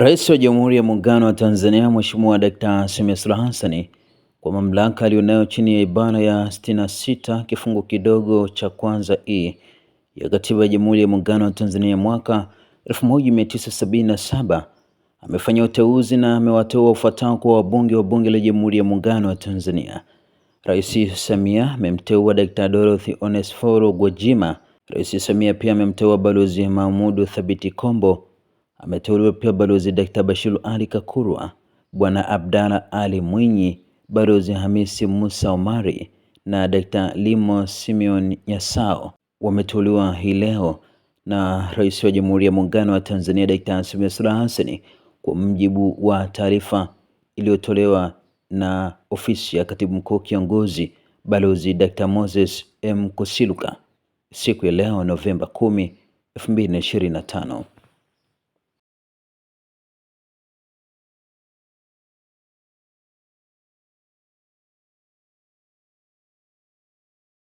Rais wa Jamhuri ya Muungano wa Tanzania Mheshimiwa Dkt. Samia Suluhu Hassan kwa mamlaka aliyonayo chini ya ibara ya 66 kifungu kidogo cha kwanza e ya Katiba ya Jamhuri ya Muungano wa Tanzania mwaka 1977 amefanya uteuzi na amewateua ufuatao kuwa wabunge wa Bunge la Jamhuri ya Muungano wa Tanzania. Rais Samia amemteua Dkt. Dorothy Onesforo Gwajima. Rais Samia pia amemteua Balozi Mahmudu Thabiti Kombo Ameteuliwa pia Balozi Dr. Bashiru Ali Kakurwa, Bwana Abdalla Ali Mwinyi, Balozi Hamisi Musa Omari na Dkt. Limo Simeon Nyasao wameteuliwa hii leo na Rais wa Jamhuri ya Muungano wa Tanzania Dr. Samia Suluhu Hassan kwa mjibu wa taarifa iliyotolewa na ofisi ya Katibu Mkuu Kiongozi Balozi Dr. Moses M. Kusiluka siku ya leo Novemba 10, 2025.